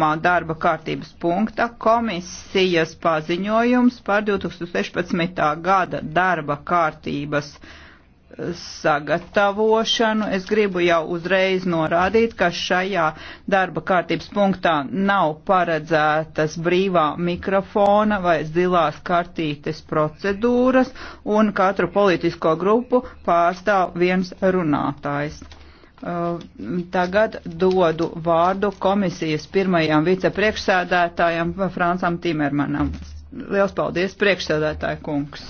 nākamā darba kārtības punkta komisijas paziņojums par 2016. gada darba kārtības sagatavošanu. Es gribu jau uzreiz norādīt, ka šajā darba kārtības punktā nav paredzētas brīvā mikrofona vai zilās kartītes procedūras, un katru politisko grupu pārstāv viens runātājs. Uh, tagad dodu vārdu komisijas pirmajam vicepriekšsēdētājam Francam Timermanam. Liels paldies, priekšsēdētāja kungs!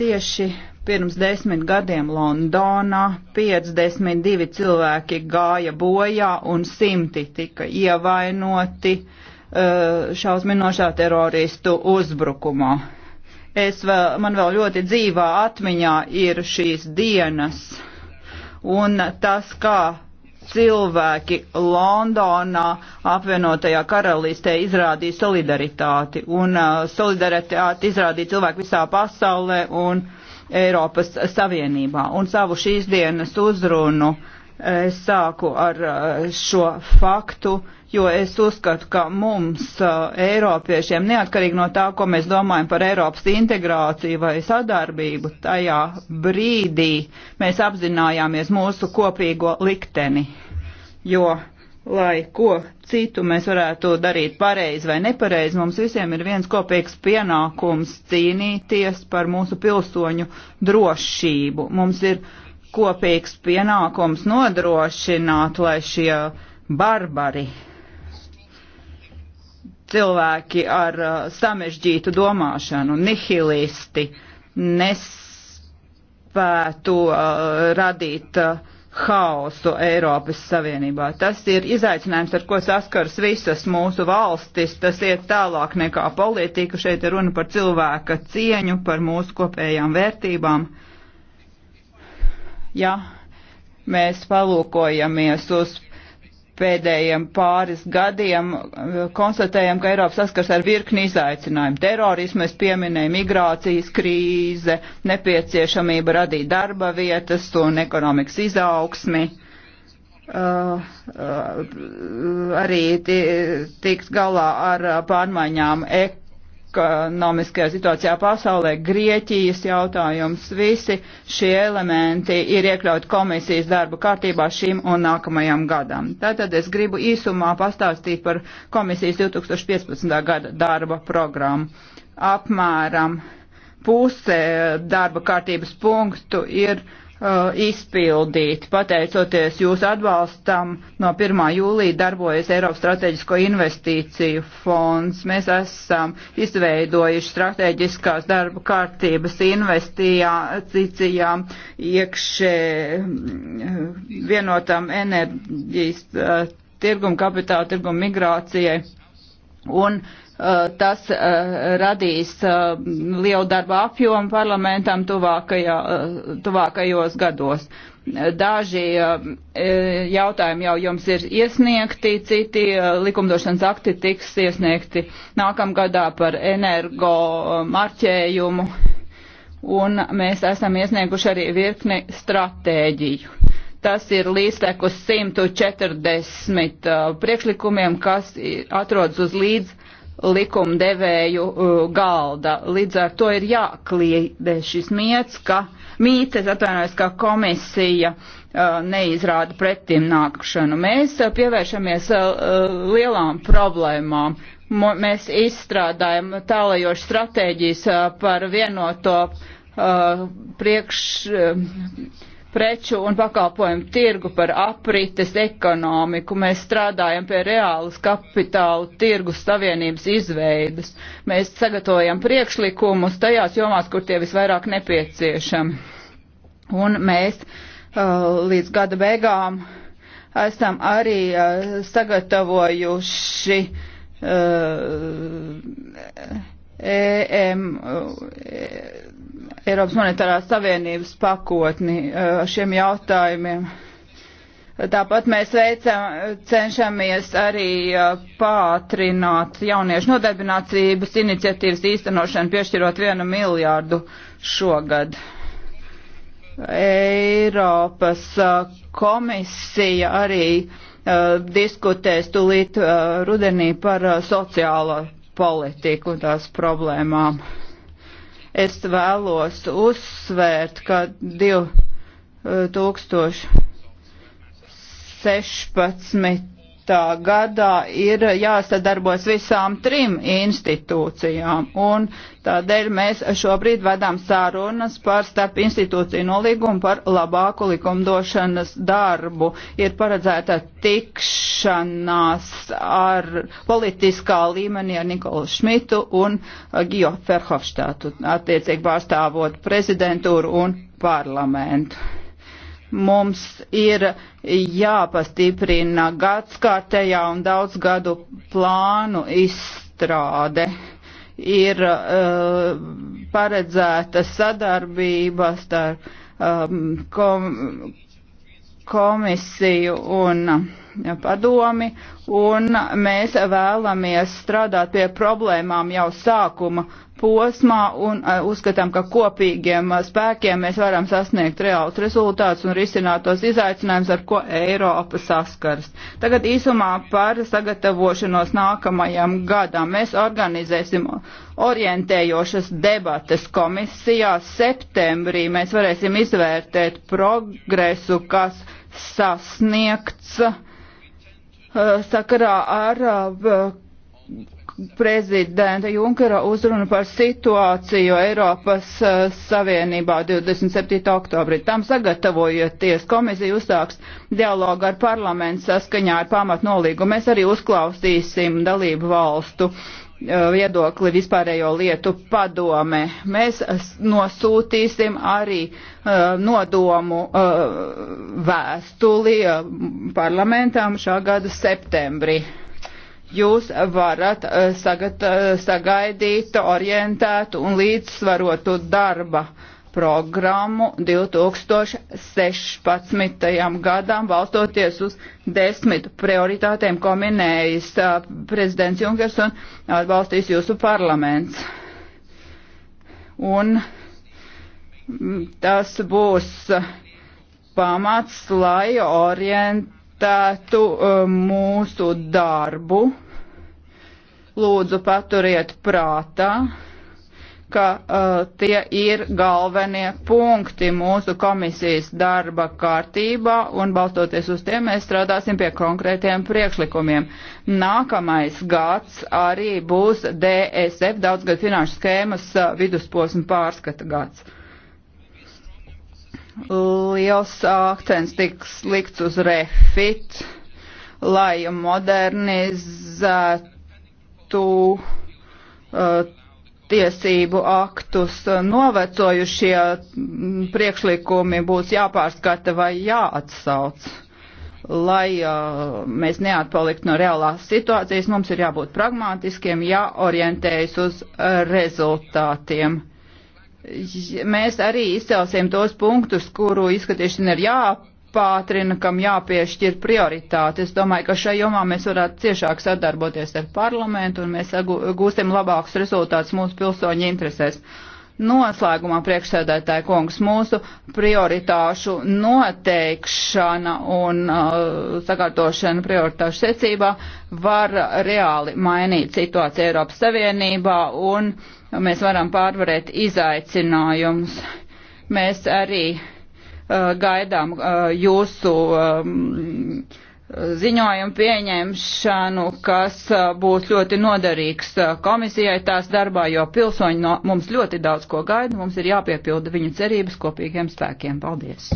Tieši pirms desmit gadiem Londonā 52 cilvēki gāja bojā un simti tika ievainoti uh, šausminošā teroristu uzbrukumā. Es vēl, man vēl ļoti dzīvā atmiņā ir šīs dienas un tas, kā cilvēki Londonā apvienotajā karalistē izrādīja solidaritāti un uh, solidaritāti izrādīja cilvēki visā pasaulē un Eiropas Savienībā. Un savu šīs dienas uzrunu uh, Es sāku ar eh, šo faktu, jo es uzskatu, ka mums, eh, Eiropiešiem, neatkarīgi no tā, ko mēs domājam par Eiropas integrāciju vai sadarbību, tajā brīdī mēs apzinājāmies mūsu kopīgo likteni. Jo, lai ko citu mēs varētu darīt pareizi vai nepareizi, mums visiem ir viens kopīgs pienākums cīnīties par mūsu pilsoņu drošību. Mums ir kopīgs pienākums nodrošināt, lai šie barbari cilvēki ar uh, samežģītu domāšanu, nihilisti, nespētu uh, radīt uh, haosu Eiropas Savienībā. Tas ir izaicinājums, ar ko saskars visas mūsu valstis. Tas iet tālāk nekā politika. Šeit ir runa par cilvēka cieņu, par mūsu kopējām vērtībām. Uh, Ja mēs palūkojamies uz pēdējiem pāris gadiem konstatējam, ka Eiropa saskars ar virkni izaicinājumu. Terorismu es pieminēju, migrācijas krīze, nepieciešamība radīt darba vietas un ekonomikas izaugsmi. Uh, uh, arī tiks galā ar uh, pārmaiņām ekonomikas ekonomiskajā situācijā pasaulē, Grieķijas jautājums, visi šie elementi ir iekļauti komisijas darba kārtībā šim un nākamajam gadam. Tātad es gribu īsumā pastāstīt par komisijas 2015. gada darba programmu. Apmēram puse darba kārtības punktu ir Uh, izpildīt. Pateicoties jūsu atbalstam, no 1. jūlija darbojas Eiropas Strateģisko investīciju fonds. Mēs esam izveidojuši strateģiskās darba kārtības investīcijām iekšē mm, vienotam enerģijas uh, tirgumu, kapitāla tirgumu migrācijai. Un uh, Eh, tas eh, radīs eh, lielu darba apjomu parlamentam tuvākajā, tuvākajos gados. Daži jautājumi jau jums ir iesniegti, citi likumdošanas akti tiks iesniegti nākamgadā par energo marķējumu, un mēs esam iesnieguši arī virkni stratēģiju. Tas ir līdztekus 140 priekšlikumiem, kas atrodas uz līdz likumdevēju uh, galda. Līdz ar to ir jākliedē šis miets, ka mītes atvainojas, ka komisija uh, neizrāda pretim nākšanu. Mēs uh, pievēršamies uh, lielām problēmām. M mēs izstrādājam tālajošu stratēģijas uh, par vienoto uh, priekš preču un pakalpojumu tirgu, par aprites ekonomiku. Mēs strādājam pie reālas kapitāla tirgus savienības izveidas. Mēs sagatavojam priekšlikumus tajās jomās, kur tie visvairāk nepieciešami. Un mēs uh, līdz gada beigām esam arī uh, sagatavojuši EM. Uh, e, Eiropas monetārās savienības pakotni eh, šiem jautājumiem. Tāpat mēs veicam, cenšamies arī eh, pātrināt jauniešu nodarbinātības iniciatīvas īstenošanu, piešķirot vienu miljārdu šogad. Eiropas eh, komisija arī uh, diskutēs tulīt uh, rudenī par uh, sociālo politiku un tās problēmām. Uh, Es vēlos uzsvērt, ka 2016 gadā ir jāsadarbojas visām trim institūcijām, un tādēļ mēs šobrīd vedām sārunas par starp institūciju nolīgumu par labāku likumdošanas darbu. Ir paredzēta tikšanās ar politiskā līmenī ar Nikolu Šmitu un Gio Ferhofštātu, attiecīgi pārstāvot prezidentūru un parlamentu mums ir jāpastiprina gadskārtējā un daudzgadu plānu izstrāde. Ir uh, paredzēta sadarbība starp um, kom komisiju un uh, padomi, un mēs vēlamies strādāt pie problēmām jau sākuma posmā un eh, uzskatām, ka kopīgiem eh, spēkiem mēs varam sasniegt reāls rezultāts un risināt tos izaicinājumus, ar ko Eiropa saskars. Tagad īsumā par sagatavošanos nākamajam gadam. Mēs organizēsim orientējošas debates komisijā. Septembrī mēs varēsim izvērtēt progresu, kas sasniegts sakarā ar uh, prezidenta Junkera uzrunu par situāciju Eiropas uh, Savienībā 27. oktobrī. Tam sagatavojoties komisija uzsāks dialogu ar parlamentu saskaņā ar pamatnolīgu. Mēs arī uzklausīsim dalību valstu uh, Eh, viedokli vispārējo lietu padome. Mēs nosūtīsim arī eh, nodomu eh, vēstuli parlamentam šā gada septembrī. Jūs varat sagat, sagaidīt orientētu un līdzsvarotu darba uh, programmu 2016. gadam, balstoties uz desmit prioritātēm, ko minējis prezidents Junkers un atbalstīs jūsu parlaments. Un tas būs pamats, lai orientētu mūsu darbu. Lūdzu, paturiet prātā ka uh, tie ir galvenie punkti mūsu komisijas darba kārtībā, un balstoties uz tiem mēs strādāsim pie konkrētiem priekšlikumiem. Nākamais gads arī būs DSF daudzgad finanšu skēmas uh, vidusposma pārskata gads. Liels akcents tiks likts uz refit, lai modernizētu uh, tiesību aktus. Novecojušie mm, priekšlikumi būs jāpārskata vai jāatsauc. Lai uh, mēs neatpaliktu no reālās situācijas, mums ir jābūt pragmātiskiem, jāorientējas uz rezultātiem. Mēs arī izcelsim tos punktus, kuru izskatīšana ir jāpārskata jāpātrina, kam jāpiešķir prioritāte. Es domāju, ka šai jomā mēs varētu ciešāk sadarboties ar parlamentu un mēs gūstam labākus rezultātus mūsu pilsoņu interesēs. Noslēgumā priekšsēdētāja kungs mūsu prioritāšu noteikšana un uh, sakārtošana prioritāšu secībā var reāli mainīt situāciju Eiropas Savienībā un mēs varam pārvarēt izaicinājumus. Mēs arī uh, Eh, gaidām eh, jūsu ehm, ziņojumu pieņemšanu, kas eh, būs ļoti noderīgs komisijai tās darbā, jo pilsoņi no mums ļoti daudz ko gaida, mums ir jāpiepilda viņu cerības kopīgiem spēkiem. Paldies!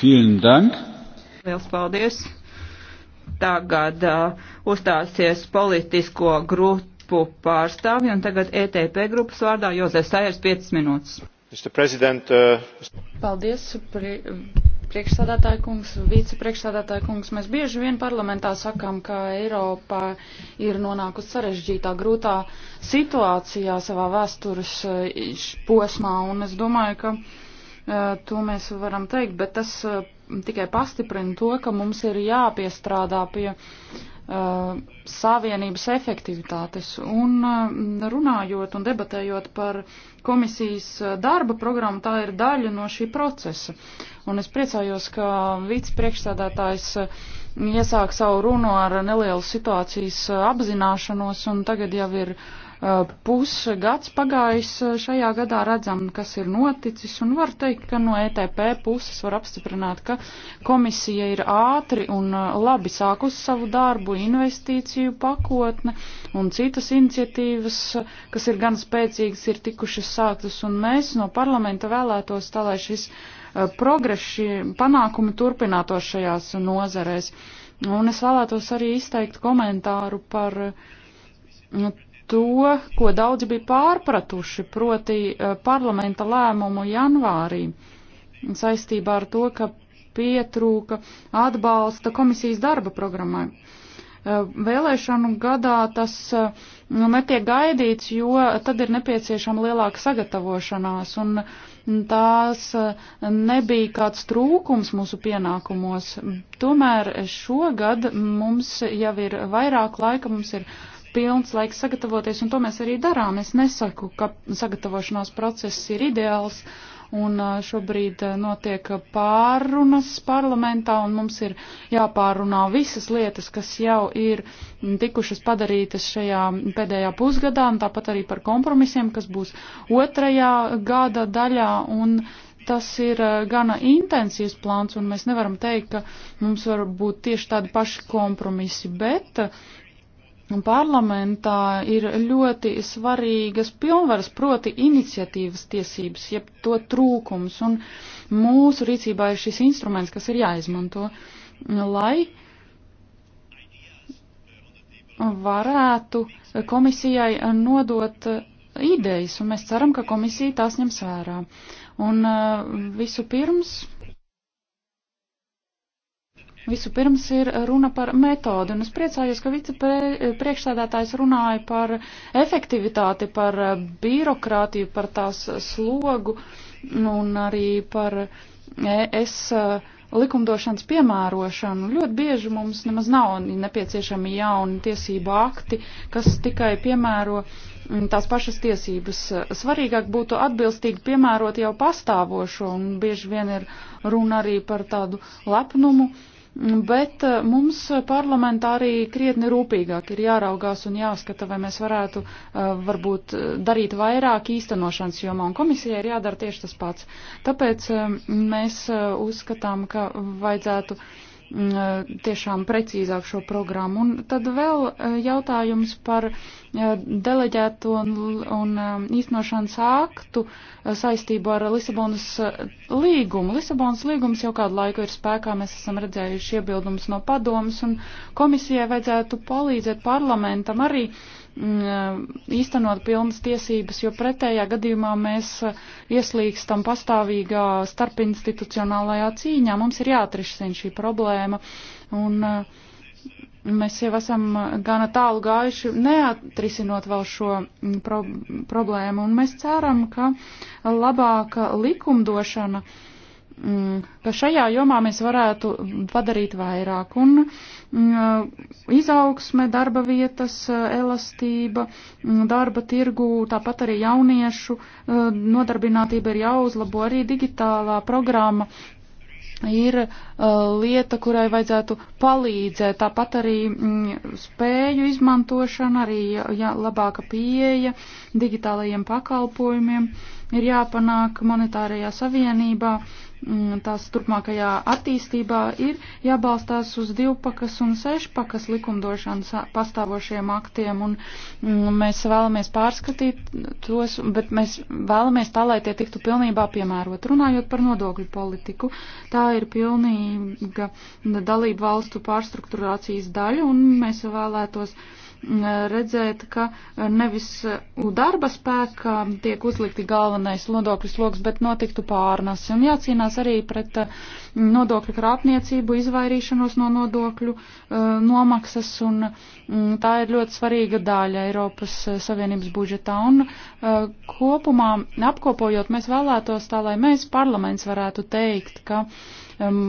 Liels paldies! Tagad uh, uzstāsies politisko grupu pārstāvi un tagad ETP grupas vārdā Jozef Sajers 5 minūtes. Uh, Paldies, pri, priekšsādātāja kungs, vicepriekšsādātāja kungs. Mēs bieži vien parlamentā sakām, ka Eiropa ir nonākusi sarežģītā, grūtā situācijā savā vēstures uh, posmā, un es domāju, ka uh, to mēs varam teikt, bet tas tikai pastiprina to, ka mums ir jāpiestrādā pie uh, savienības efektivitātes. Un uh, runājot un debatējot par komisijas uh, darba programmu, tā ir daļa no šī procesa. Un es priecājos, ka vicepriekšstādātājs uh, iesāk savu runu ar nelielu situācijas uh, apzināšanos un tagad jau ir uh, Eh, pusgads pagājis eh, šajā gadā redzam, kas ir noticis, un var teikt, ka no ETP puses var apstiprināt, ka komisija ir ātri un eh, labi sākus savu darbu, investīciju pakotne un citas iniciatīvas, kas ir gan spēcīgas, ir tikušas sāktas, un mēs no parlamenta vēlētos tā, lai šis progresi, panākumi turpinātos šajās nozarēs. Un es vēlētos arī izteikt komentāru par to, ko daudzi bija pārpratuši, proti eh, parlamenta lēmumu janvārī saistībā ar to, ka pietrūka atbalsta komisijas darba programmai. Eh, vēlēšanu gadā tas eh, nu, netiek gaidīts, jo tad ir nepieciešama lielāka sagatavošanās, un tās nebija kāds trūkums mūsu pienākumos. Tomēr šogad mums jau ir vairāk laika, mums ir uh, pilns laiks sagatavoties, un to mēs arī darām. Es nesaku, ka sagatavošanās process ir ideāls, un šobrīd notiek pārunas parlamentā, un mums ir jāpārunā visas lietas, kas jau ir tikušas padarītas šajā pēdējā pusgadā, un tāpat arī par kompromisiem, kas būs otrajā gada daļā, un tas ir gana intensīvs plāns, un mēs nevaram teikt, ka mums var būt tieši tādi paši kompromisi, bet parlamentā ir ļoti svarīgas pilnvaras, proti iniciatīvas tiesības, jeb to trūkums, un mūsu rīcībā ir šis instruments, kas ir jāizmanto, lai varētu komisijai nodot idejas, un mēs ceram, ka komisija tās ņems vērā. Un eh, visu pirms Vispirms ir runa par metodi, un es priecājos, ka vicepriekšsēdētājs runāja par efektivitāti, par birokrātiju, par tās slogu un arī par ES likumdošanas piemērošanu. Ļoti bieži mums nemaz nav nepieciešami jauni tiesību akti, kas tikai piemēro tās pašas tiesības. Svarīgāk būtu atbilstīgi piemērot jau pastāvošo, un bieži vien ir runa arī par tādu lepnumu Bet eh, mums parlamentā arī krietni rūpīgāk ir jāraugās un jāskata, vai mēs varētu eh, varbūt eh, darīt vairāk īstenošanas jomā, un komisijai ir jādara tieši tas pats. Tāpēc mēs uzskatām, ka vajadzētu uh, Mm, eh, tiešām precīzāk šo programmu. Un tad vēl eh, jautājums par eh, deleģēto un īstenošanas aktu saistību ar Lisabonas līgumu. Lisabonas līgums jau kādu laiku ir spēkā, mēs esam redzējuši iebildumus no padomas, un komisijai vajadzētu palīdzēt parlamentam arī mm, īstenot pilnas tiesības, jo pretējā gadījumā mēs ieslīgstam pastāvīgā starpinstitucionālajā cīņā. Mums ir jāatrisina šī problēma problēma. Un, uh, Mēs jau esam gana tālu gājuši, neatrisinot vēl šo mm, pro problēmu, un mēs ceram, ka labāka likumdošana uh, ka šajā jomā mēs varētu padarīt vairāk. Un mm, uh, izaugsme, darba vietas, uh, elastība, mm, darba tirgu, tāpat arī jauniešu nodarbinātība ir jāuzlabo arī digitālā programma ir uh, lieta, kurai vajadzētu palīdzēt. Tāpat arī mm, spēju izmantošana, arī ja, labāka pieeja digitālajiem pakalpojumiem ir jāpanāk monetārajā savienībā. Uh, Mm, tās turpmākajā attīstībā ir jābalstās uz divpakas un sešpakas likumdošanas pastāvošiem aktiem, un mm, mēs vēlamies pārskatīt tos, bet mēs vēlamies tā, lai tie tiktu pilnībā piemērot. Runājot par nodokļu politiku, tā ir pilnīga dalība valstu pārstrukturācijas daļa, un mēs vēlētos. Uh, redzēt, ka nevis darba spēka tiek uzlikti galvenais nodokļu sloks, bet notiktu pārnesi. Un jācīnās arī pret uh, nodokļu krāpniecību, izvairīšanos no nodokļu uh, nomaksas, un mm, tā ir ļoti svarīga daļa Eiropas uh, Savienības budžetā. Un uh, kopumā apkopojot, mēs vēlētos tā, lai mēs parlaments varētu teikt, ka um,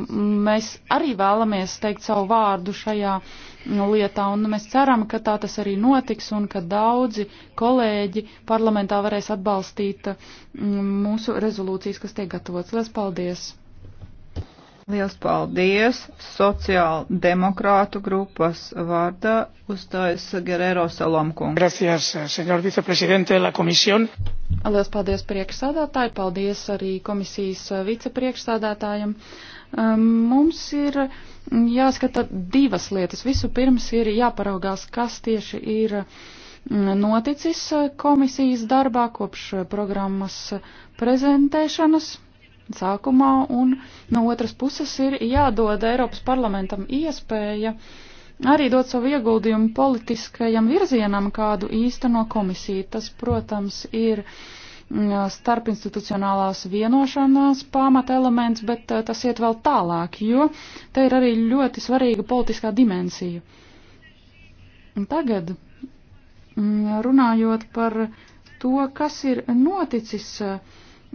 mēs arī vēlamies teikt savu vārdu šajā mm, lietā, un mēs ceram, ka tā tas arī notiks, un ka daudzi kolēģi parlamentā varēs atbalstīt mm, mūsu rezolūcijas, kas tiek gatavotas. Lielas paldies! Liels paldies! Sociāla demokrātu grupas vārdā uzstājas Gerero Salomkungs. Gracias, senor viceprezidente de la komisjon. Liels paldies priekšsādātāji, paldies arī komisijas vicepriekšsādātājiem. Um, mums ir jāskata divas lietas. Vispirms ir jāparaugās, kas tieši ir mm, noticis komisijas darbā kopš programmas prezentēšanas sākumā, un no otras puses ir jādod Eiropas parlamentam iespēja arī dot savu ieguldījumu politiskajam virzienam, kādu īsteno komisija. Tas, protams, ir mm, starpinstitucionālās vienošanās pamata elements, bet eh, tas iet vēl tālāk, jo te ir arī ļoti svarīga politiskā dimensija. Tagad mm, runājot par to, kas ir noticis uh,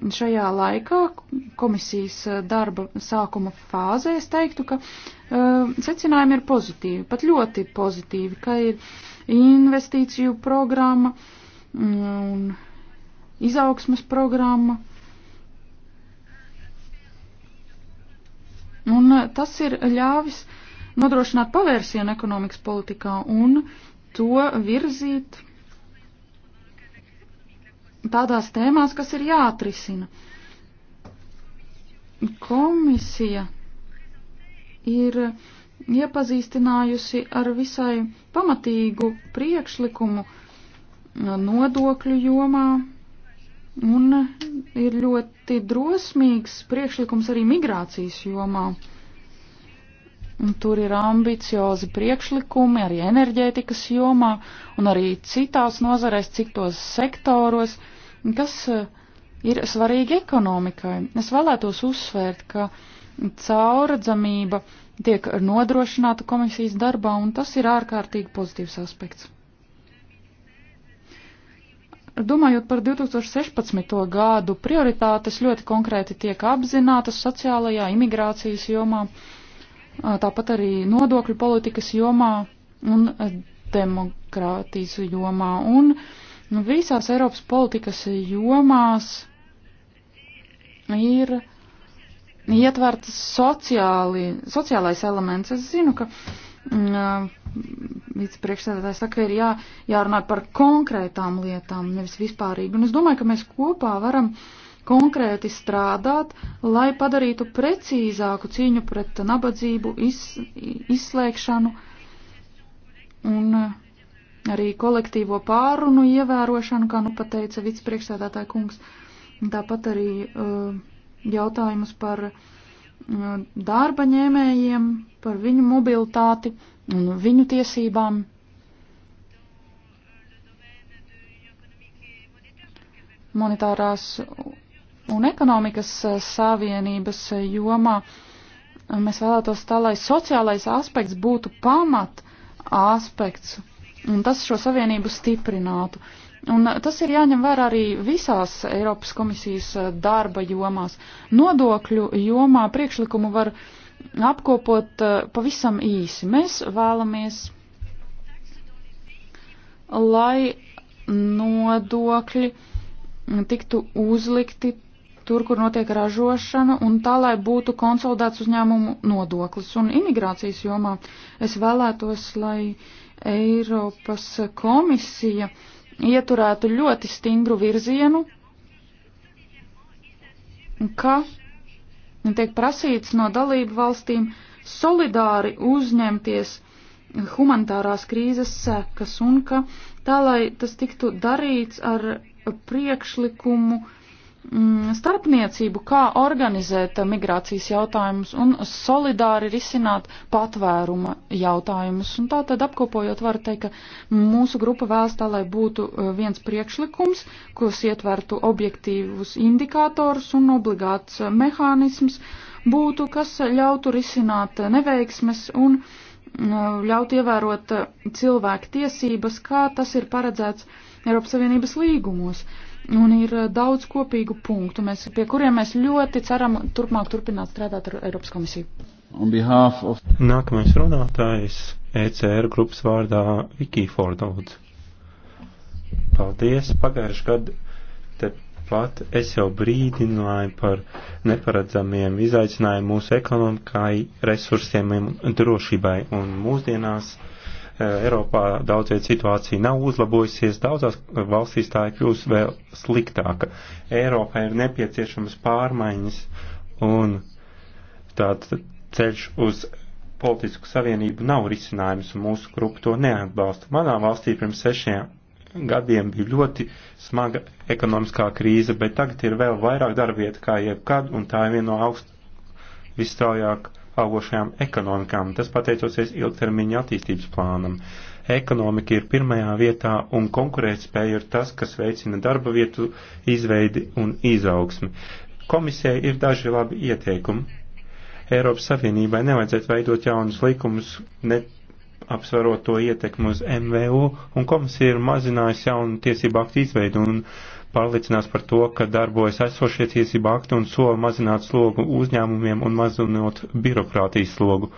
šajā laikā, komisijas eh, darba sākuma fāzē, es teiktu, ka uh, secinājumi ir pozitīvi, pat ļoti pozitīvi, ka ir investīciju programma mm, un izaugsmas programma. Un eh, tas ir ļāvis nodrošināt pavērsienu ekonomikas politikā un to virzīt tādās tēmās, kas ir jāatrisina. Komisija ir iepazīstinājusi ar visai pamatīgu priekšlikumu nodokļu jomā, un ir ļoti drosmīgs priekšlikums arī migrācijas jomā. Tur ir ambiciozi priekšlikumi arī enerģētikas jomā un arī citās nozarēs, citos sektoros, kas eh, ir svarīgi ekonomikai. Es vēlētos uzsvērt, ka cauradzamība tiek nodrošināta komisijas darbā, un tas ir ārkārtīgi pozitīvs aspekts. Domājot par 2016. gadu, prioritātes ļoti konkrēti tiek apzinātas sociālajā imigrācijas jomā tāpat arī nodokļu politikas jomā un demokrātijas jomā. Un nu, visās Eiropas politikas jomās ir ietverts sociāli, sociālais elements. Es zinu, ka mm, vicepriekšsēdētājs saka, ir jā, jārunā par konkrētām lietām, nevis vispārīgi. Un es domāju, ka mēs kopā varam uh, konkrēti strādāt, lai padarītu precīzāku cīņu pret nabadzību, iz, izslēgšanu un eh, arī kolektīvo pārunu ievērošanu, kā nu pateica vicepriekšsēdētāja kungs. Tāpat arī uh, jautājumus par uh, darba ņēmējiem, par viņu mobilitāti un viņu tiesībām. Monetārās un ekonomikas eh, savienības eh, jomā eh, mēs vēlētos tā, lai sociālais aspekts būtu pamat aspekts, un tas šo savienību stiprinātu. Un tas ir jāņem vērā arī visās Eiropas komisijas darba jomās. Nodokļu jomā priekšlikumu var apkopot pavisam īsi. Mēs vēlamies, lai nodokļi tiktu uzlikti tur, kur notiek ražošana, un tā, lai būtu konsolidēts uzņēmumu nodoklis. Un imigrācijas jomā es vēlētos, lai Eiropas komisija ieturētu ļoti stingru virzienu, ka tiek prasīts no dalību valstīm solidāri uzņemties humanitārās krīzes sekas un ka tā, lai tas tiktu darīts ar priekšlikumu uh, Mm, starpniecību, kā organizēt migrācijas jautājumus un solidāri risināt patvēruma jautājumus. Un tā tad apkopojot var teikt, ka mūsu grupa vēlas tā, lai būtu uh, viens priekšlikums, kurus ietvertu objektīvus indikātors un obligāts uh, mehānisms būtu, kas ļautu risināt uh, neveiksmes un ļaut ievērot cilvēku tiesības, kā tas ir paredzēts Eiropas Savienības līgumos. Uh, Un ir eh, daudz kopīgu punktu, mēs, pie kuriem mēs ļoti ceram turpmāk turpināt strādāt ar Eiropas komisiju. Of... Nākamais runātājs ECR grupas vārdā Viki Fordaudz. Paldies! Pagājuši gadu te pat es jau brīdināju par neparedzamiem izaicinājumiem mūsu ekonomikai, resursiem un drošībai. Un mūsdienās uh, Eiropā daudzviet situācija nav uzlabojusies, daudzās valstīs tā ir kļūst vēl sliktāka. Eiropā ir nepieciešamas pārmaiņas un tāds ceļš uz politisku savienību nav risinājums un mūsu grupa to neatbalsta. Manā valstī pirms sešiem gadiem bija ļoti smaga ekonomiskā krīze, bet tagad ir vēl vairāk darbvieta kā jebkad, un tā ir viena no augst visstraujāk augošajām ekonomikām. Tas pateicoties ilgtermiņa attīstības plānam. Ekonomika ir pirmajā vietā un konkurētspēja ir tas, kas veicina darba vietu izveidi un izaugsmi. Komisijai ir daži labi ieteikumi. Eiropas Savienībai nevajadzētu veidot jaunus likumus, ne apsvarot to ietekmu uz MVU, un komisija ir mazinājusi jaunu tiesību aktu izveidu un uh, pārliecinās par to, ka darbojas aizsošie tiesība akti un sola mazināt slogu uzņēmumiem un mazinot birokrātijas slogu.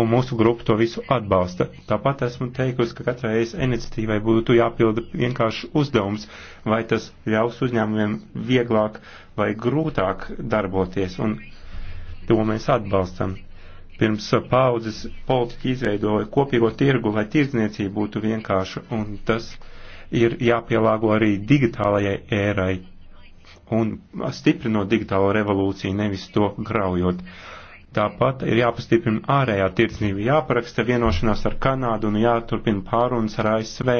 Un mūsu grupa to visu atbalsta. Tāpat esmu teikusi, ka katrai reizes iniciatīvai būtu jāpilda vienkārši uzdevums, vai tas ļaus uzņēmumiem vieglāk vai grūtāk darboties. Un to mēs atbalstam. Pirms paudzes politiķi izveidoja kopīgo tirgu, lai tirdzniecība būtu vienkārša. Un tas ir jāpielāgo arī digitālajai ērai un stiprinot digitālo revolūciju, nevis to graujot. Tāpat ir jāpastiprina ārējā tirdzniecība, jāparaksta vienošanās ar Kanādu un jāturpina pārunas ar ASV,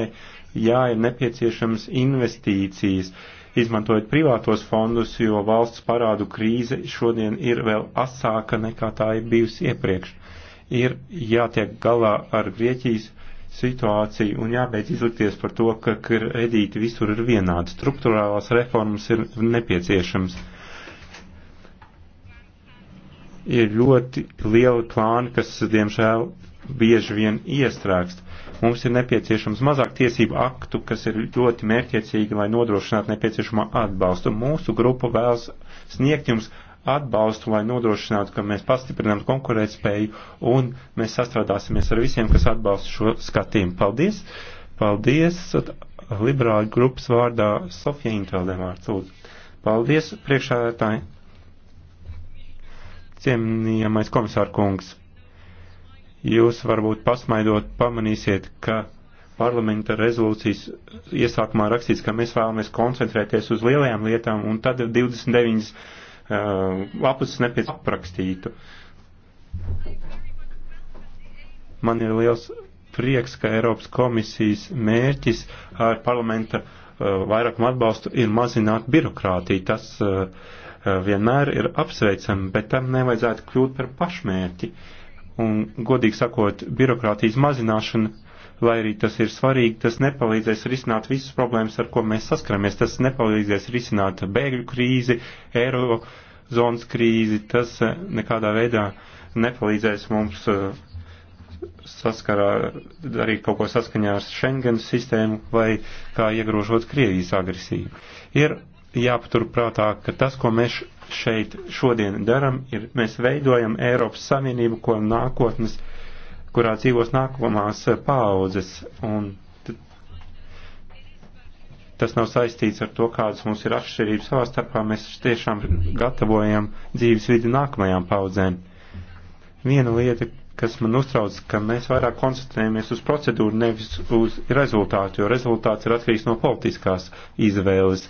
jā, ir nepieciešams investīcijas, izmantojot privātos fondus, jo valsts parādu krīze šodien ir vēl asāka nekā tā ir bijusi iepriekš. Ir jātiek galā ar Grieķijas situāciju un jābeidz izlikties par to, ka kredīti visur ir vienādi. Struktūrālās reformas ir nepieciešams. Ir ļoti lieli plāni, kas, diemžēl, bieži vien iestrēgst. Mums ir nepieciešams mazāk tiesību aktu, kas ir ļoti mērķiecīgi, lai nodrošinātu nepieciešamā atbalstu. Mūsu grupa vēlas sniegt jums atbalstu, lai nodrošinātu, ka mēs pastiprinām konkurētspēju un mēs sastrādāsimies ar visiem, kas atbalsta šo skatījumu. Paldies! Paldies! Liberāļu grupas vārdā Sofija Inteldēm vārds lūdzu. Paldies, priekšādātāji! Ciemnījamais komisāra kungs, jūs varbūt pasmaidot pamanīsiet, ka parlamenta rezolūcijas iesākumā rakstīts, ka mēs vēlamies koncentrēties uz lielajām lietām, un tad 29 Eh, lapus nepēc aprakstītu. Man ir liels prieks, ka Eiropas komisijas mērķis ar parlamenta eh, vairākumu atbalstu ir mazināt birokrātiju. Tas eh, vienmēr ir apsveicami, bet tam nevajadzētu kļūt par pašmērķi. Un, godīgi sakot, birokrātijas mazināšana lai arī tas ir svarīgi, tas nepalīdzēs risināt visas problēmas, ar ko mēs saskaramies. Tas nepalīdzēs risināt bēgļu krīzi, eiro zonas krīzi, tas eh, nekādā veidā nepalīdzēs mums eh, saskarā, darīt kaut ko saskaņā ar Schengen sistēmu vai kā iegrožot Krievijas agresiju. Ir jāpaturprātā, ka tas, ko mēs šeit šodien daram, ir mēs veidojam Eiropas Savienību, ko nākotnes uh, kurā dzīvos nākamās paaudzes. Un tas nav saistīts ar to, kādas mums ir atšķirības savā starpā. Mēs tiešām gatavojam dzīves vidi nākamajām paudzēm. Viena lieta, kas man uztrauc, ka mēs vairāk koncentrējamies uz procedūru, nevis uz rezultātu, jo rezultāts ir atkarīgs no politiskās izvēles.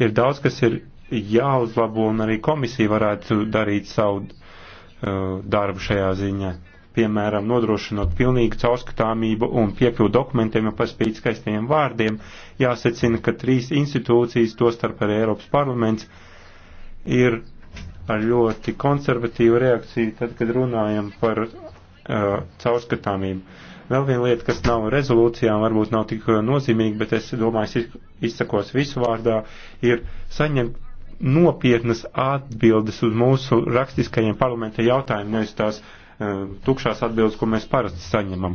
Ir daudz, kas ir jāuzlabo, un arī komisija varētu darīt savu uh, darbu šajā ziņā piemēram, nodrošinot pilnīgu caurskatāmību un piepildu dokumentiem, jo paspīt skaistajiem vārdiem, jāsecina, ka trīs institūcijas, to starp arī Eiropas parlaments, ir ar ļoti konservatīvu reakciju, tad, kad runājam par uh, caurskatāmību. Vēl viena lieta, kas nav rezolūcijām, varbūt nav tik nozīmīga, bet es domāju, es izsakos visu vārdā, ir saņemt nopietnas atbildes uz mūsu rakstiskajiem parlamenta jautājumiem, nevis tās uh, Eh, tukšās atbildes, ko mēs parasti saņemam.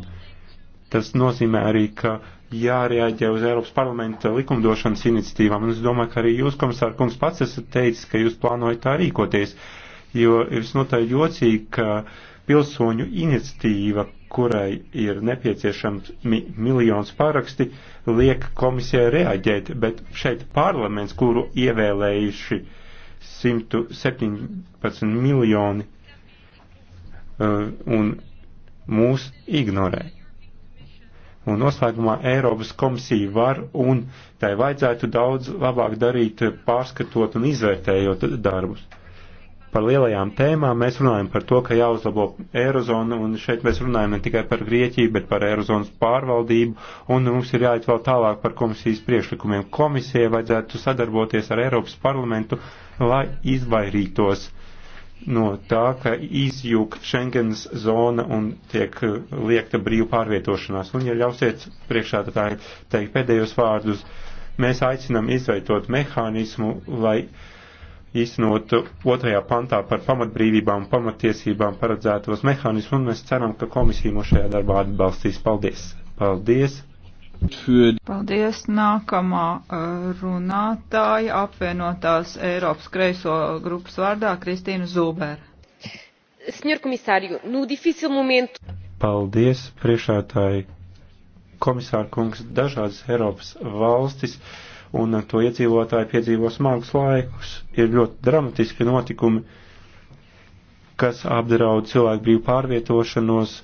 Tas nozīmē arī, ka jārēģē uz Eiropas parlamenta likumdošanas iniciatīvām, un es domāju, ka arī jūs, komisār kungs, pats esat teicis, ka jūs plānojat tā rīkoties, jo ir visnotaļ jocīgi, ka pilsoņu iniciatīva, kurai ir nepieciešams mi miljons paraksti, liek komisijai reaģēt, bet šeit parlaments, kuru ievēlējuši 117 miljoni Eh, un mūs ignorē. Un noslēgumā Eiropas komisija var un tai vajadzētu daudz labāk darīt, pārskatot un izvērtējot darbus. Par lielajām tēmām mēs runājam par to, ka jāuzlabo Eirozona, un šeit mēs runājam ne tikai par Grieķiju, bet par Eirozonas pārvaldību, un mums ir jāiet vēl tālāk par komisijas priekšlikumiem. Komisijai vajadzētu sadarboties ar Eiropas parlamentu, lai izvairītos no tā, ka izjūg Schengens zona un tiek uh, liekta brīva pārvietošanās. Un, ja ļausiet priekšādātāji teikt pēdējos vārdus, mēs aicinam izveidot mehānismu, lai īstenotu otrajā pantā par pamatbrīvībām un pamatiesībām paredzētos mehānismus, un mēs ceram, ka komisija mūs šajā darbā atbalstīs. Paldies! Paldies! Paldies. Nākamā uh, runātāja apvienotās Eiropas kreiso grupas vārdā Kristīna Zūbēra. Senjor komisāriju, nu dificil momentu. Paldies, priekšētāji komisāra kungs, dažādas Eiropas valstis un to iedzīvotāji piedzīvo smagus laikus. Ir ļoti dramatiski notikumi, kas apdraud cilvēku brīvu pārvietošanos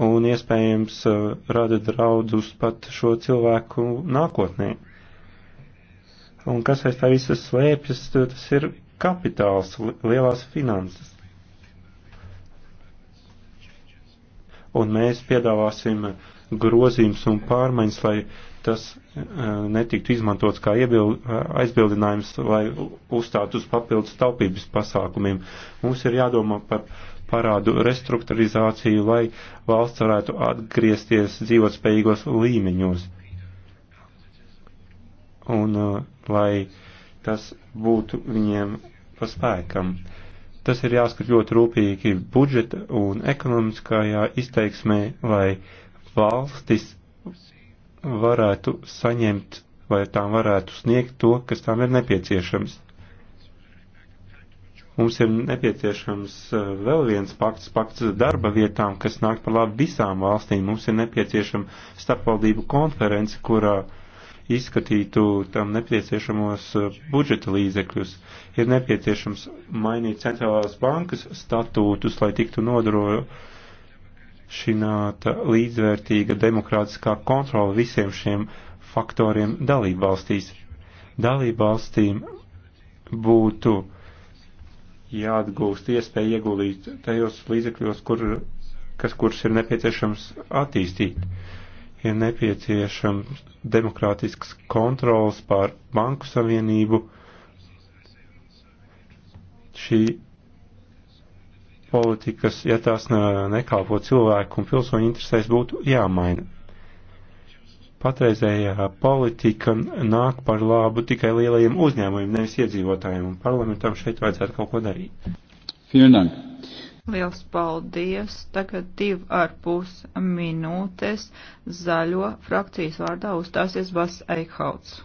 un iespējams uh, rada draudus pat šo cilvēku nākotnē. Un kas aiz tā visas slēpjas, tas ir kapitāls, lielās finanses. Un mēs piedāvāsim grozījums un pārmaiņas, lai tas eh, netiktu izmantots kā iebild, eh, aizbildinājums, lai uzstātu uz papildus taupības pasākumiem. Mums ir jādomā par parādu restruktūrizāciju, lai valsts varētu atgriezties dzīvotspējīgos līmeņos. Un eh, lai tas būtu viņiem pa spēkam. Tas ir jāskat ļoti rūpīgi budžeta un ekonomiskajā izteiksmē, lai valstis varētu saņemt vai tām varētu sniegt to, kas tām ir nepieciešams. Mums ir nepieciešams eh, vēl viens pakts, pakts darba vietām, kas nāk par labu visām valstīm. Mums ir nepieciešama starpvaldību konference, kurā izskatītu tam nepieciešamos eh, budžeta līdzekļus. Ir nepieciešams mainīt centrālās bankas statūtus, lai tiktu nodrošināts nodrošināta līdzvērtīga demokrātiskā kontrola visiem šiem faktoriem dalībvalstīs. Dalībvalstīm būtu jāatgūst iespēja ieguldīt tajos līdzekļos, kur, kas kurus ir nepieciešams attīstīt. Ir nepieciešams demokrātisks kontrols pār banku savienību. Šī politikas, ja tās nekalpo cilvēku un pilsoņu interesēs, būtu jāmaina. Patreizējā politika nāk par labu tikai lielajiem uzņēmumiem, nevis iedzīvotājiem, un parlamentam šeit vajadzētu kaut ko darīt. Fjernang. Liels paldies! Tagad divi ar pus minūtes zaļo frakcijas vārdā uzstāsies Bas Eikauts.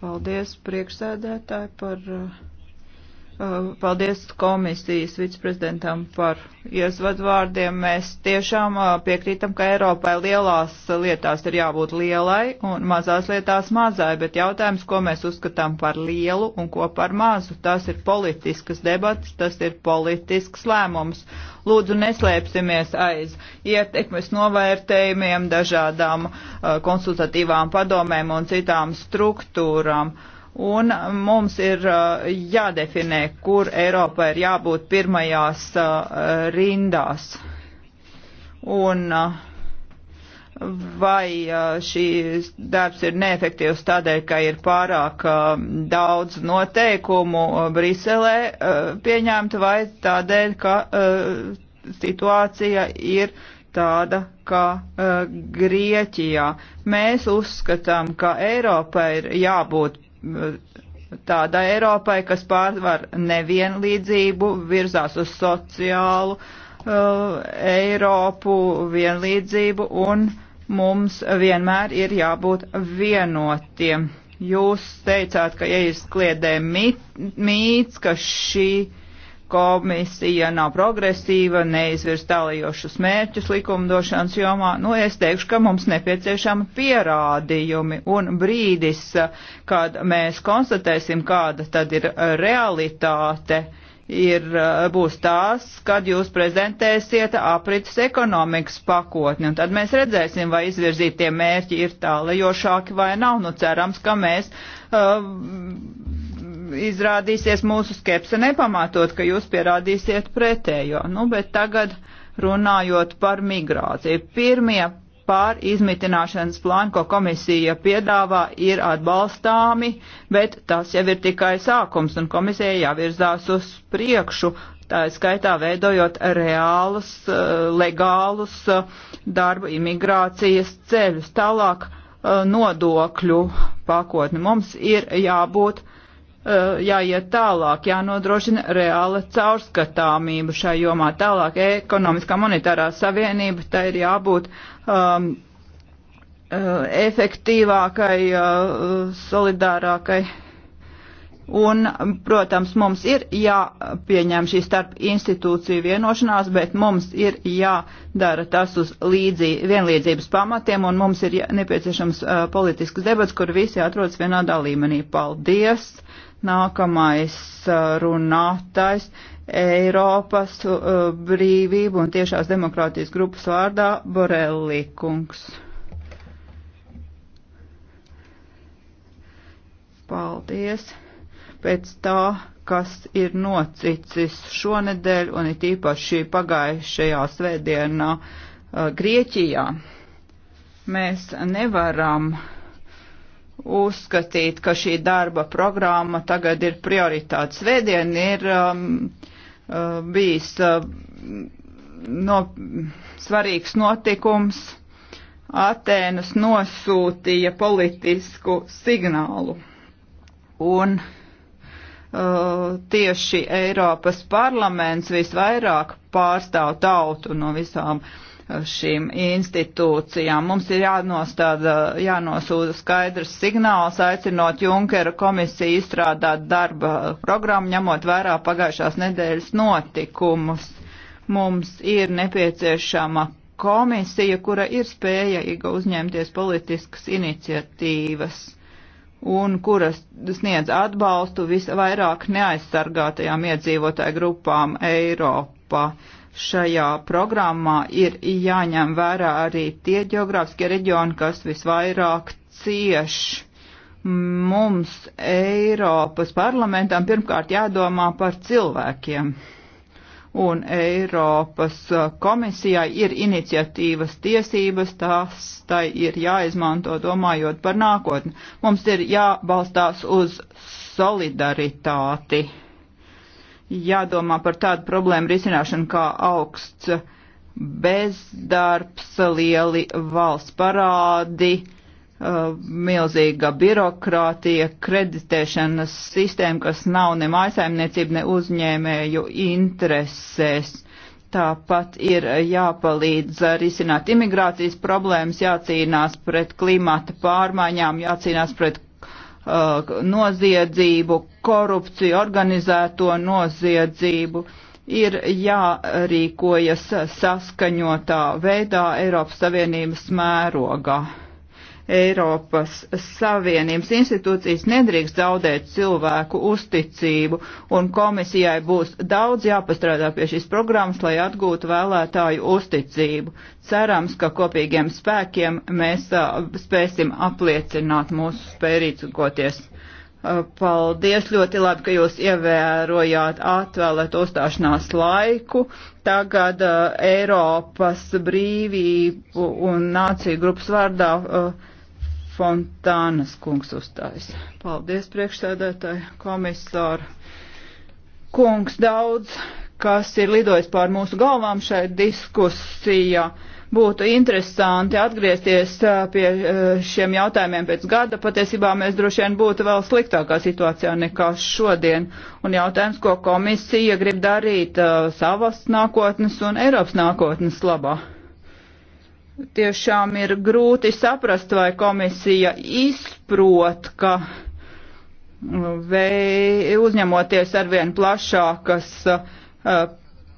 Paldies priekšsēdētāji par uh, Uh, paldies komisijas viceprezidentam par iesvadu vārdiem. Mēs tiešām uh, piekrītam, ka Eiropai lielās lietās ir jābūt lielai un mazās lietās mazai, bet jautājums, ko mēs uzskatām par lielu un ko par mazu, tas ir politiskas debatas, tas ir politisks lēmums. Lūdzu, neslēpsimies aiz ietekmes novērtējumiem, dažādām uh, konsultatīvām padomēm un citām struktūrām. Uh, un mums ir uh, jādefinē, kur Eiropa ir jābūt pirmajās uh, rindās. Un uh, vai šīs darbs ir neefektīvs tādēļ, ka ir pārāk daudz noteikumu Briselē pieņemta, vai tādēļ, ka situācija ir tāda kā uh, Grieķijā. Mēs uzskatām, ka Eiropai ir jābūt tādai Eiropai, kas pārvar nevienlīdzību, virzās uz sociālu uh, Eiropu, vienlīdzību, un mums vienmēr ir jābūt vienotiem. Jūs teicāt, ka ja izkliedē mīts, ka šī komisija nav progresīva, neizvirs tālajošus mērķus likumdošanas jomā. Nu, es teikšu, ka mums nepieciešami pierādījumi un brīdis, kad mēs konstatēsim, kāda tad ir realitāte, ir, būs tās, kad jūs prezentēsiet aprits ekonomikas pakotni, un tad mēs redzēsim, vai izvirzītie mērķi ir tālajošāki vai nav. Nu, cerams, ka mēs. Uh, izrādīsies mūsu skepse nepamatot, ka jūs pierādīsiet pretējo. Nu, bet tagad runājot par migrāciju. Pirmie pār izmitināšanas plāni, ko komisija piedāvā, ir atbalstāmi, bet tas jau ir tikai sākums un komisija jāvirzās uz priekšu, tā skaitā veidojot reālus, eh, legālus eh, darba imigrācijas ceļus. Tālāk eh, nodokļu pakotni mums ir jābūt Eh, jāiet tālāk, jānodrošina reāla caurskatāmība šai jomā. Tālāk ekonomiskā monetārā savienība, tai ir jābūt um, eh, efektīvākai, uh, solidārākai. Un, protams, mums ir jāpieņem šī starp institūciju vienošanās, bet mums ir jādara tas uz līdzī, vienlīdzības pamatiem, un mums ir nepieciešams uh, politisks debats, kur visi atrodas vienādā līmenī. Paldies! Uh, Nākamais uh, runātais Eiropas uh, brīvību un tiešās demokrātijas grupas vārdā Borelli kungs. Paldies! Pēc tā, kas ir nocicis šonedēļ un it īpaši pagājušajā svētdienā uh, Grieķijā, mēs nevaram uh, uzskatīt, ka šī darba programma tagad ir prioritāte. Svētdien ir um, uh, bijis uh, no, svarīgs notikums. Atēnas nosūtīja politisku signālu. Un uh, tieši Eiropas parlaments visvairāk pārstāv tautu no visām uh, šīm institūcijām. Mums ir jānostāda, jānosūda skaidrs signāls, aicinot Junkera komisiju izstrādāt darba programmu, ņemot vērā pagājušās nedēļas notikumus. Mums ir nepieciešama komisija, kura ir spējīga uzņemties politiskas iniciatīvas un kuras sniedz atbalstu visvairāk neaizsargātajām iedzīvotāju grupām Eiropā šajā programmā ir jāņem vērā arī tie geogrāfiskie reģioni, kas visvairāk cieš. Mums Eiropas parlamentam pirmkārt jādomā par cilvēkiem. Un Eiropas komisijai ir iniciatīvas tiesības, tās tai ir jāizmanto domājot par nākotni. Mums ir jābalstās uz solidaritāti jādomā par tādu problēmu risināšanu kā augsts bezdarbs, lieli valsts parādi, uh, milzīga birokrātija, kreditēšanas sistēma, kas nav ne mājasaimniecība, ne uzņēmēju interesēs. Tāpat ir jāpalīdz risināt imigrācijas problēmas, jācīnās pret klimata pārmaiņām, jācīnās pret Uh, noziedzību, korupciju, organizēto noziedzību. Ir jārīkojas saskaņotā veidā Eiropas Savienības mērogā. Eiropas Savienības institūcijas nedrīkst zaudēt cilvēku uzticību, un komisijai būs daudz jāpastrādā pie šīs programmas, lai atgūtu vēlētāju uzticību. Cerams, ka kopīgiem spēkiem mēs uh, spēsim apliecināt mūsu spērīcoties. Paldies, ļoti labi, ka jūs ievērojāt atvēlēt uzstāšanās laiku. Tagad uh, Eiropas brīvību un nāciju grupas vārdā uh, Fontānas kungs uzstājas. Paldies, priekšsēdētāji, komisāri. Kungs daudz, kas ir lidojis pār mūsu galvām šai diskusijā. Būtu interesanti atgriezties pie šiem jautājumiem pēc gada. Patiesībā mēs droši vien būtu vēl sliktākā situācijā nekā šodien. Un jautājums, ko komisija grib darīt savas nākotnes un Eiropas nākotnes labā tiešām ir grūti saprast, vai komisija izprot, ka uh, vei, uzņemoties arvien plašākas uh,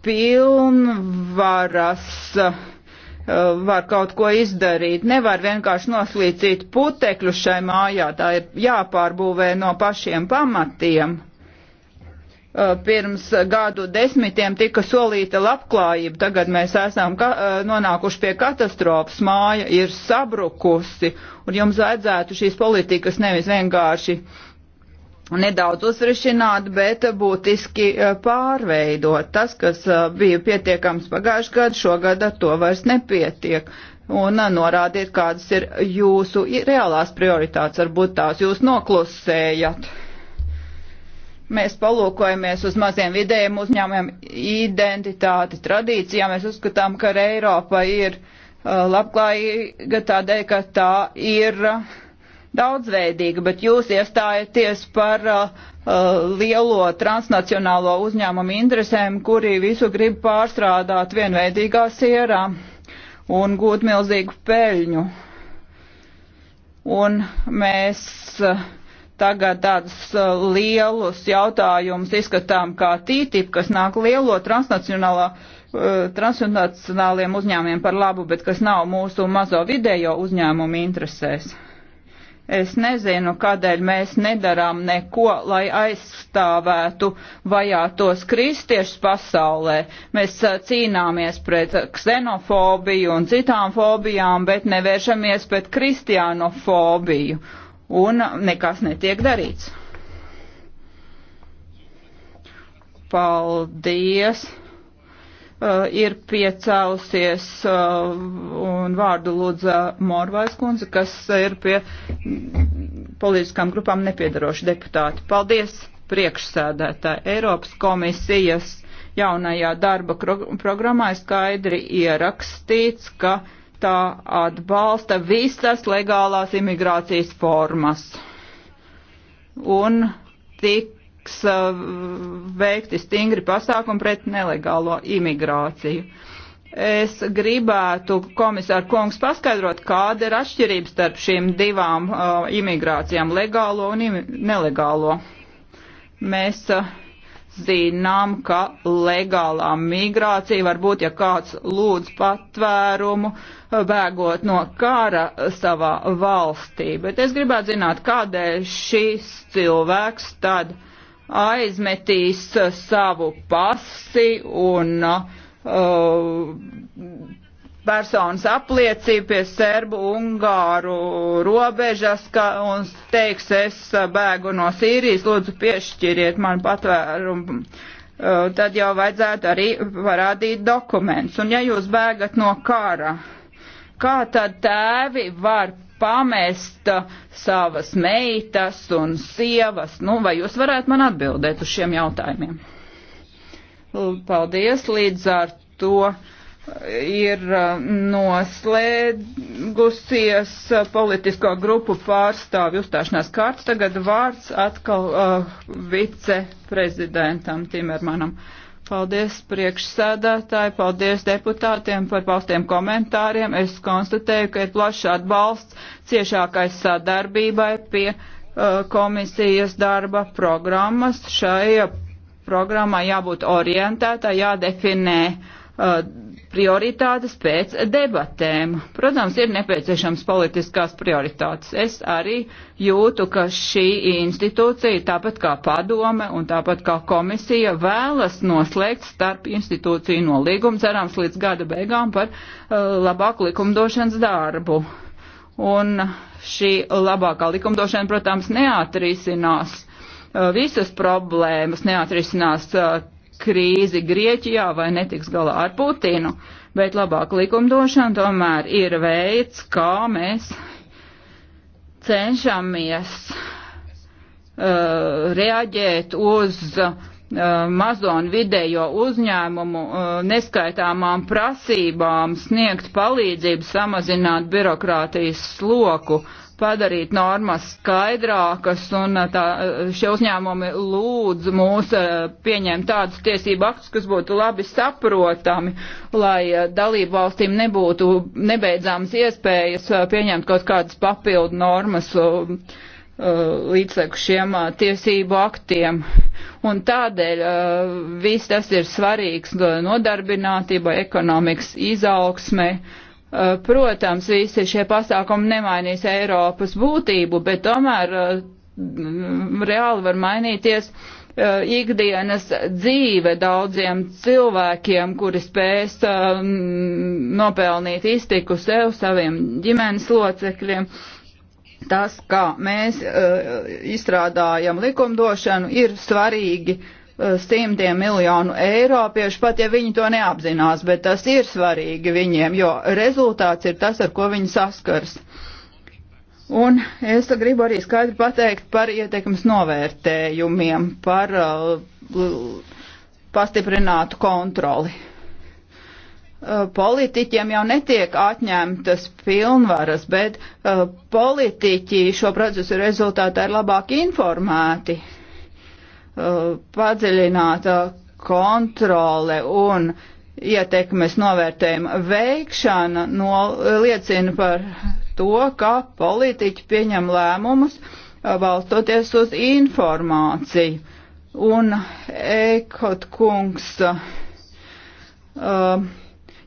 pilnvaras, uh, var kaut ko izdarīt. Nevar vienkārši noslīcīt putekļu šai mājā, tā ir jāpārbūvē no pašiem pamatiem. Eh, pirms gadu desmitiem tika solīta labklājība, tagad mēs esam ka, eh, nonākuši pie katastrofas, māja ir sabrukusi, un jums vajadzētu šīs politikas nevis vienkārši nedaudz uzrišināt, bet būtiski eh, pārveidot. Tas, kas bija pietiekams pagājušajā gadā, šogad ar to vairs nepietiek. Un norādiet, kādas ir jūsu reālās prioritātes, varbūt tās jūs noklusējat mēs palūkojamies uz maziem vidējiem uzņēmumiem, identitāti, tradīcijām, mēs uzskatām, ka Eiropa ir uh, labklājīga tādēļ, ka tā ir uh, daudzveidīga, bet jūs iestājaties par uh, uh, lielo transnacionālo uzņēmumu interesēm, kuri visu grib pārstrādāt vienveidīgā sierā un gūt milzīgu peļņu. Un mēs uh, tagad tādus uh, lielus jautājumus izskatām kā TTIP, kas nāk lielo transnacionālā uh, transnacionāliem uzņēmumiem par labu, bet kas nav mūsu mazo vidējo uzņēmumu interesēs. Es nezinu, kādēļ mēs nedarām neko, lai aizstāvētu vajātos kristiešus pasaulē. Mēs uh, cīnāmies pret ksenofobiju un citām fobijām, bet nevēršamies pret kristiānofobiju un nekas netiek darīts. Paldies! Uh, ir piecēlusies uh, un vārdu lūdza Morvais kundze, kas ir pie politiskām grupām nepiedaroši deputāti. Paldies priekšsēdētāji. Eiropas komisijas jaunajā darba programmā ir skaidri ierakstīts, ka uh, tā atbalsta visas legālās imigrācijas formas un tiks uh, veikti stingri pasākumi pret nelegālo imigrāciju. Es gribētu, komisāra kungs, paskaidrot, kāda ir atšķirība starp šīm divām uh, imigrācijām - legālo un im nelegālo. Mēs uh, zinām, ka legālā migrācija var būt, ja kāds lūdz patvērumu, bēgot no kara savā valstī. Bet es gribētu zināt, kādēļ šis cilvēks tad aizmetīs savu pasi un uh, personas apliecību pie serbu ungāru robežas ka, un teiks, es bēgu no Sīrijas, lūdzu piešķiriet man patvērumu. Tad jau vajadzētu arī parādīt dokumentus. Un ja jūs bēgat no kara, kā tad tēvi var pamest savas meitas un sievas? Nu, vai jūs varētu man atbildēt uz šiem jautājumiem? Paldies līdz ar to ir uh, noslēgusies uh, politisko grupu pārstāvju uzstāšanās kārta. Tagad vārds atkal uh, viceprezidentam Timermanam. Paldies priekšsēdētāji, paldies deputātiem par paustiem komentāriem. Es konstatēju, ka ir plašs atbalsts ciešākai sadarbībai pie uh, komisijas darba programmas. Šai programmai jābūt orientētā, jādefinē uh, prioritātes pēc debatēm. Protams, ir nepieciešams politiskās prioritātes. Es arī jūtu, ka šī institūcija, tāpat kā padome un tāpat kā komisija, vēlas noslēgt starp institūciju nolīgumu, cerams, līdz gada beigām par uh, labāku likumdošanas darbu. Un šī labākā likumdošana, protams, neatrisinās uh, visas problēmas, neatrisinās uh, krīzi Grieķijā vai netiks galā ar Putinu, bet labāk likumdošana tomēr ir veids, kā mēs cenšamies uh, reaģēt uz uh, mazo un vidējo uzņēmumu uh, neskaitāmām prasībām sniegt palīdzību, samazināt birokrātijas sloku padarīt normas skaidrākas, un uh, tā, uh, šie uzņēmumi lūdz mūs uh, pieņemt tādus tiesību aktus, kas būtu labi saprotami, lai dalību valstīm nebūtu nebeidzāmas iespējas pieņemt kaut kādas papildu normas līdzseku šiem tiesību aktiem. Un tādēļ viss tas ir svarīgs nodarbinātībai, ekonomikas izaugsmai Eh, protams, visi šie pasākumi nemainīs Eiropas būtību, bet tomēr eh, reāli var mainīties eh, ikdienas dzīve daudziem cilvēkiem, kuri spēs nopelnīt iztiku sev, saviem ģimenes locekļiem. Tas, kā mēs izstrādājam likumdošanu, ir svarīgi Eh, simtiem miljonu eiro, tieši pat ja viņi to neapzinās, bet tas ir svarīgi viņiem, jo rezultāts ir tas, ar ko viņi saskars. Un es gribu arī skaidri pateikt par ietekmes novērtējumiem, par uh, pastiprinātu kontroli. Uh, politiķiem jau netiek atņemtas pilnvaras, bet uh, politiķi šo procesu rezultātā ir labāk informēti. Uh, padziļināta kontrole un ietekmes novērtējuma veikšana no, liecina par to, ka politiķi pieņem lēmumus balstoties uz informāciju. Un Ekot kungs,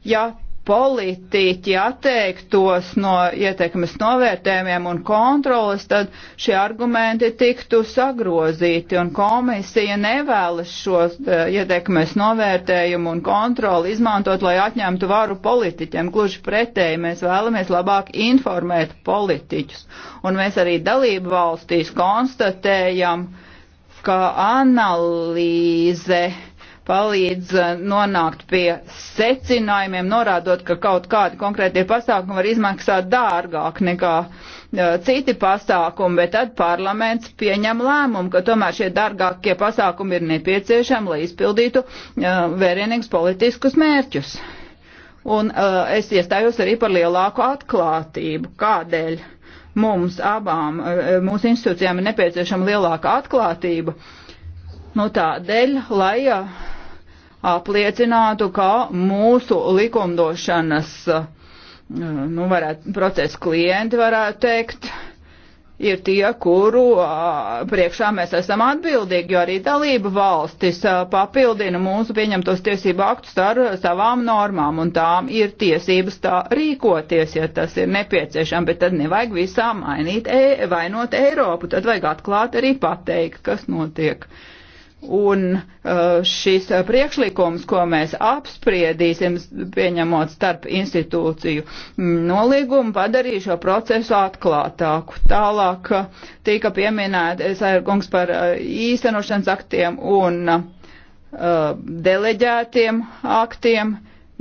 ja politiķi atteiktos no ietekmes novērtējumiem un kontrolas, tad šie argumenti tiktu sagrozīti, un komisija nevēlas šos eh, ietekmes novērtējumu un kontroli izmantot, lai atņemtu varu politiķiem. Gluži pretēji, mēs vēlamies labāk informēt politiķus, un mēs arī dalību valstīs konstatējam, ka analīze palīdz eh, nonākt pie secinājumiem, norādot, ka kaut kādi konkrētie pasākumi var izmaksāt dārgāk nekā eh, citi pasākumi, bet tad parlaments pieņem lēmumu, ka tomēr šie dārgākie pasākumi ir nepieciešami, lai izpildītu eh, vērienīgus politiskus mērķus. Un uh, es iestājos arī par lielāku atklātību. Kādēļ mums abām, mūsu institūcijām ir nepieciešama lielāka atklātība? Nu tādēļ, lai uh, apliecinātu, ka mūsu likumdošanas, eh, nu, varētu, procesa klienti varētu teikt, ir tie, kuru a, eh, priekšā mēs esam atbildīgi, jo arī dalība valstis a, eh, papildina mūsu pieņemtos tiesību aktus ar savām normām, un tām ir tiesības tā rīkoties, ja tas ir nepieciešams, bet tad nevajag visā mainīt, e, vainot Eiropu, tad vajag atklāt arī pateikt, kas notiek. Uh, Un uh, šis priekšlikums, ko mēs apspriedīsim, pieņemot starp institūciju nolīgumu, padarīja šo procesu atklātāku. Tālāk uh, tika pieminēta Sērkungs par uh, īstenošanas aktiem un deleģētiem aktiem.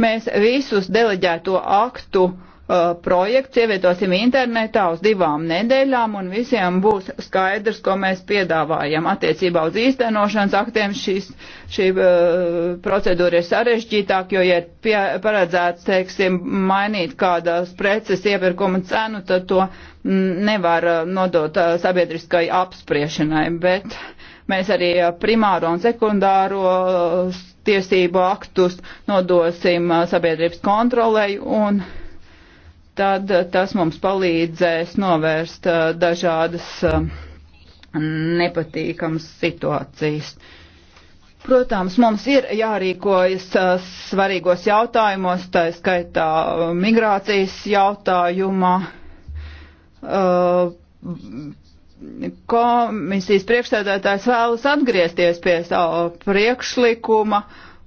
Mēs visus deleģēto aktu uh, Uh, projekts, ievietosim internetā uz divām nedēļām un visiem būs skaidrs, ko mēs piedāvājam. Attiecībā uz īstenošanas aktiem šis, šī uh, procedūra ir sarežģītāk, jo, ja ir pie, paredzēts, teiksim, mainīt kādas preces iepirkuma cenu, tad to mm, nevar uh, nodot uh, sabiedriskai apspriešanai, bet mēs arī uh, primāro un sekundāro tiesību aktus nodosim sabiedrības kontrolei un tad tas mums palīdzēs novērst uh, dažādas um, nepatīkamas situācijas. Protams, mums ir jārīkojas uh, svarīgos jautājumos, tā skaitā uh, migrācijas jautājumā. Komisijas priekšsēdētājs vēlas atgriezties pie savu priekšlikuma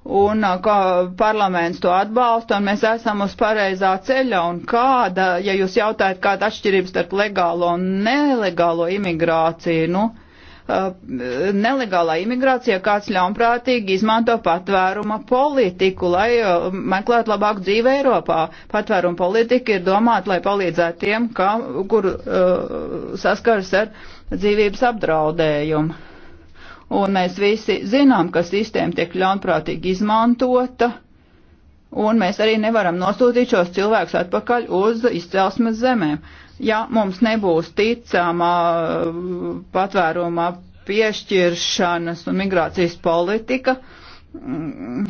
un uh, kā parlaments to atbalsta, un mēs esam uz pareizā ceļa, un kāda, ja jūs jautājat, kāda atšķirības starp legālo un nelegālo imigrāciju, nu, uh, nelegālā imigrācija kāds ļaunprātīgi izmanto patvēruma politiku, lai uh, meklētu labāku dzīvi Eiropā. Patvēruma politika ir domāta, lai palīdzētu tiem, kā, kur uh, saskaras ar dzīvības apdraudējumu un mēs visi zinām, ka sistēma tiek ļaunprātīgi izmantota, un mēs arī nevaram nosūtīt šos cilvēkus atpakaļ uz izcelsmes zemēm. Ja mums nebūs ticama uh, patvērumā piešķiršanas un migrācijas politika, mm,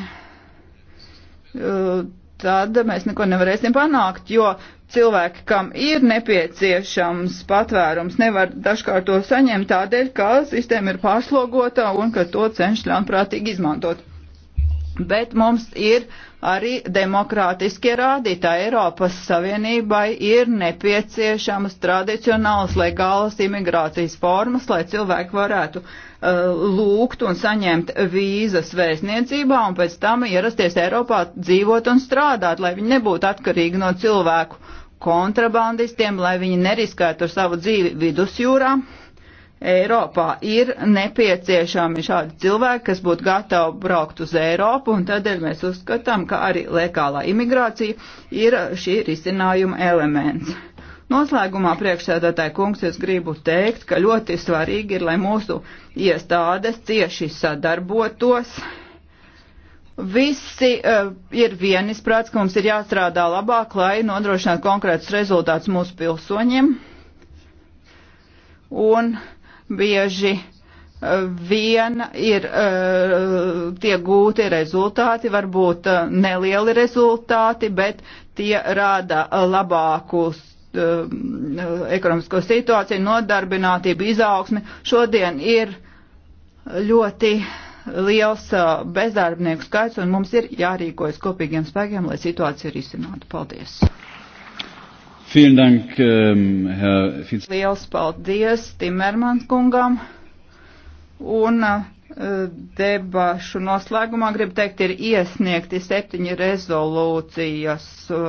uh, tad mēs neko nevarēsim panākt, jo cilvēki, kam ir nepieciešams patvērums, nevar dažkārt to saņemt tādēļ, ka sistēma ir pārslogota un ka to cenš ļaunprātīgi izmantot. Bet mums ir uh, arī demokrātiskie rādītāji. Eiropas Savienībai ir nepieciešamas tradicionālas legālas imigrācijas formas, lai cilvēki varētu uh, lūgt un saņemt vīzas vēstniecībā un pēc tam ierasties Eiropā dzīvot un strādāt, lai viņi nebūtu atkarīgi no cilvēku kontrabandistiem, lai viņi neriskētu ar savu dzīvi vidusjūrā. Eiropā ir nepieciešami šādi cilvēki, kas būtu gatavi braukt uz Eiropu, un tādēļ mēs uzskatām, ka arī legālā imigrācija ir šī risinājuma elements. Noslēgumā priekšsēdētāji kungs es gribu teikt, ka ļoti svarīgi ir, lai mūsu iestādes cieši sadarbotos. Visi uh, ir vienisprāts, ka mums ir jāstrādā labāk, lai nodrošinātu konkrētus rezultātus mūsu pilsoņiem. Un uh, bieži eh, vien ir eh, tie gūti rezultāti, varbūt eh, nelieli rezultāti, bet tie rāda labākus ekonomisko situāciju, nodarbinātību, izaugsmi. Šodien ir ļoti liels bezdarbnieku skaits, un mums ir jārīkojas kopīgiem spēkiem, lai situāciju risinātu. Paldies! Vielen Dank, um, Herr Viz. Liels paldies Timermans kungam. Un uh, debašu noslēgumā gribu teikt, ir iesniegti septiņi rezolūcijas. Uh,